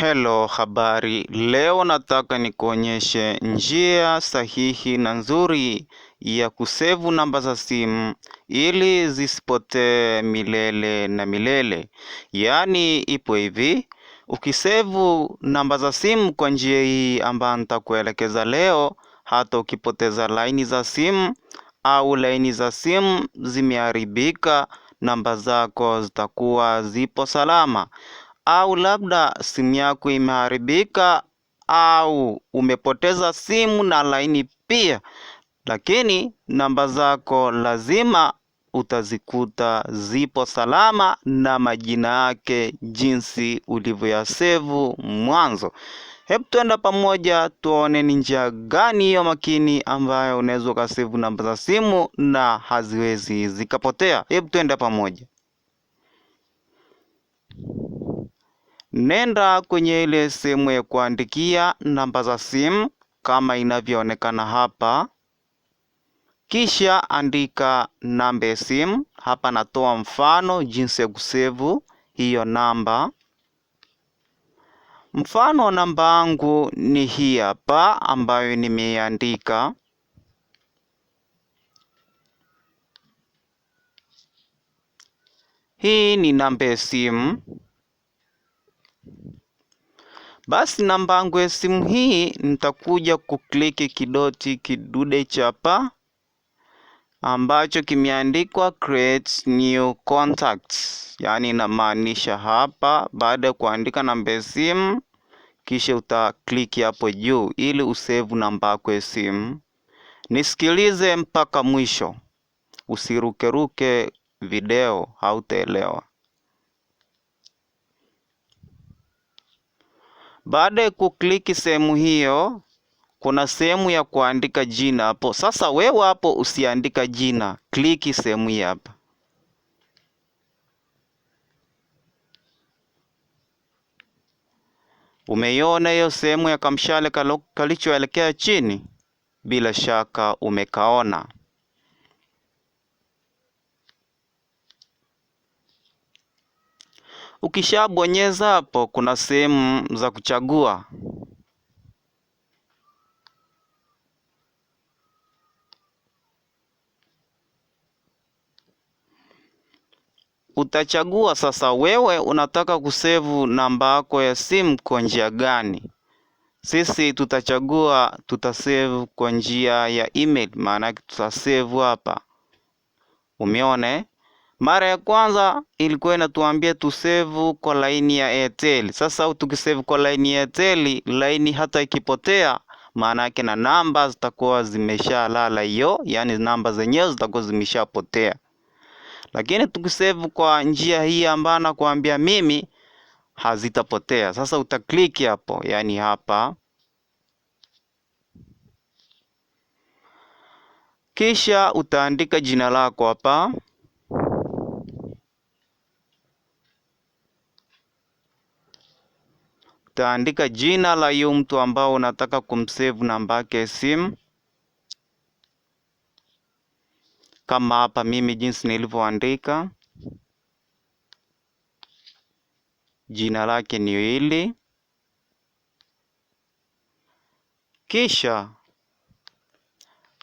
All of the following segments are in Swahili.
Hello, habari. Leo nataka nikuonyeshe njia sahihi na nzuri ya kusevu namba za simu ili zisipotee milele na milele. Yaani ipo hivi, ukisevu namba za simu kwa njia hii ambayo nitakuelekeza leo, hata ukipoteza laini za simu au laini za simu zimeharibika, namba zako zitakuwa zipo salama au labda simu yako imeharibika au umepoteza simu na laini pia, lakini namba zako lazima utazikuta zipo salama na majina yake jinsi ulivyoyasevu mwanzo. Hebu tuenda pamoja tuone ni njia gani hiyo makini ambayo unaweza ukasevu namba za simu na haziwezi zikapotea. Hebu tuenda pamoja nenda kwenye ile sehemu ya kuandikia namba za simu kama inavyoonekana hapa, kisha andika namba ya simu. Hapa natoa mfano jinsi ya kusevu hiyo namba. Mfano wa namba yangu ni hii hapa ambayo nimeiandika. Hii ni namba ya simu. Basi namba yangu ya simu hii nitakuja kukliki kidoti kidude cha pa ambacho kimeandikwa create new contacts, yaani inamaanisha hapa, baada ya kuandika namba ya simu kisha utakliki hapo juu ili usevu namba yako ya simu. Nisikilize mpaka mwisho, usirukeruke video, hautaelewa. Baada ya kukliki sehemu hiyo, kuna sehemu ya kuandika jina hapo. Sasa wewe hapo usiandika jina, kliki sehemu hii hapa. Umeiona hiyo sehemu ya kamshale kalichoelekea chini? Bila shaka umekaona. Ukishabonyeza hapo kuna sehemu za kuchagua. Utachagua sasa wewe unataka kusevu namba yako ya simu kwa njia gani? Sisi tutachagua tutasevu kwa njia ya email yake tutasevu hapa. Umeona eh? Mara ya kwanza ilikuwa inatuambia tusevu kwa laini ya Airtel. Sasa tukisevu kwa laini ya Airtel, laini hata ikipotea maana yake na namba zitakuwa zimeshalala hiyo, yaani namba zenyewe zitakuwa zimeshapotea. Lakini tukisevu kwa njia hii ambayo nakuambia mimi, hazitapotea. Sasa utakliki hapo, yaani hapa kisha utaandika jina lako hapa. utaandika jina la hiyo mtu ambao unataka kumsave namba yake simu, kama hapa mimi jinsi nilivyoandika jina lake ni hili, kisha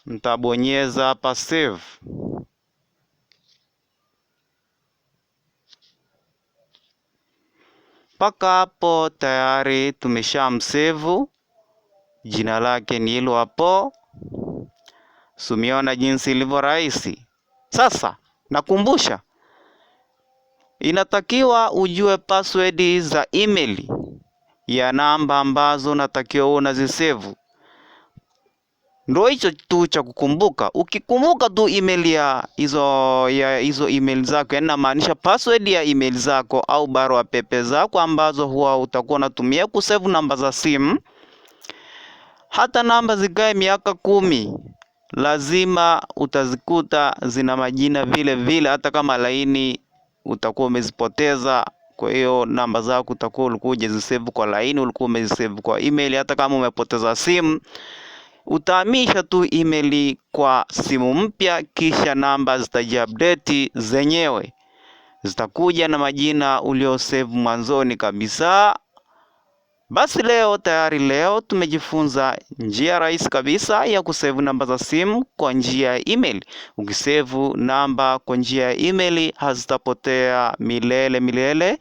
mtabonyeza hapa save. Mpaka hapo tayari tumeshamsave jina lake ni hilo hapo. Sumiona jinsi ilivyo rahisi. Sasa nakumbusha, inatakiwa ujue password za email ya namba ambazo unatakiwa uwe unazisevu ndo hicho tu cha kukumbuka. Ukikumbuka tu email ya hizo ya hizo email zako, yani namaanisha password ya email zako au barua pepe zako ambazo huwa utakuwa unatumia kusave namba za simu. Hata namba zikae miaka kumi, lazima utazikuta zina majina vile vile, hata kama laini utakuwa umezipoteza. Kwa hiyo namba zako utakuwa ulikuwa hujazisave kwa laini, ulikuwa umezisave kwa email. Hata kama umepoteza simu utahamisha tu email kwa simu mpya, kisha namba zitajiupdate zenyewe, zitakuja na majina uliosave mwanzoni kabisa. Basi leo tayari, leo tumejifunza njia rahisi kabisa ya kusevu namba za simu kwa njia ya email. Ukisevu namba kwa njia ya email hazitapotea milele milele,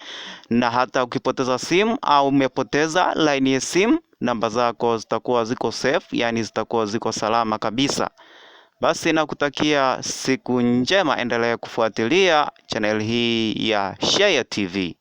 na hata ukipoteza simu au umepoteza laini ya simu, namba zako zitakuwa ziko safe, yani zitakuwa ziko salama kabisa. Basi nakutakia siku njema, endelea kufuatilia channel hii ya Shayia TV.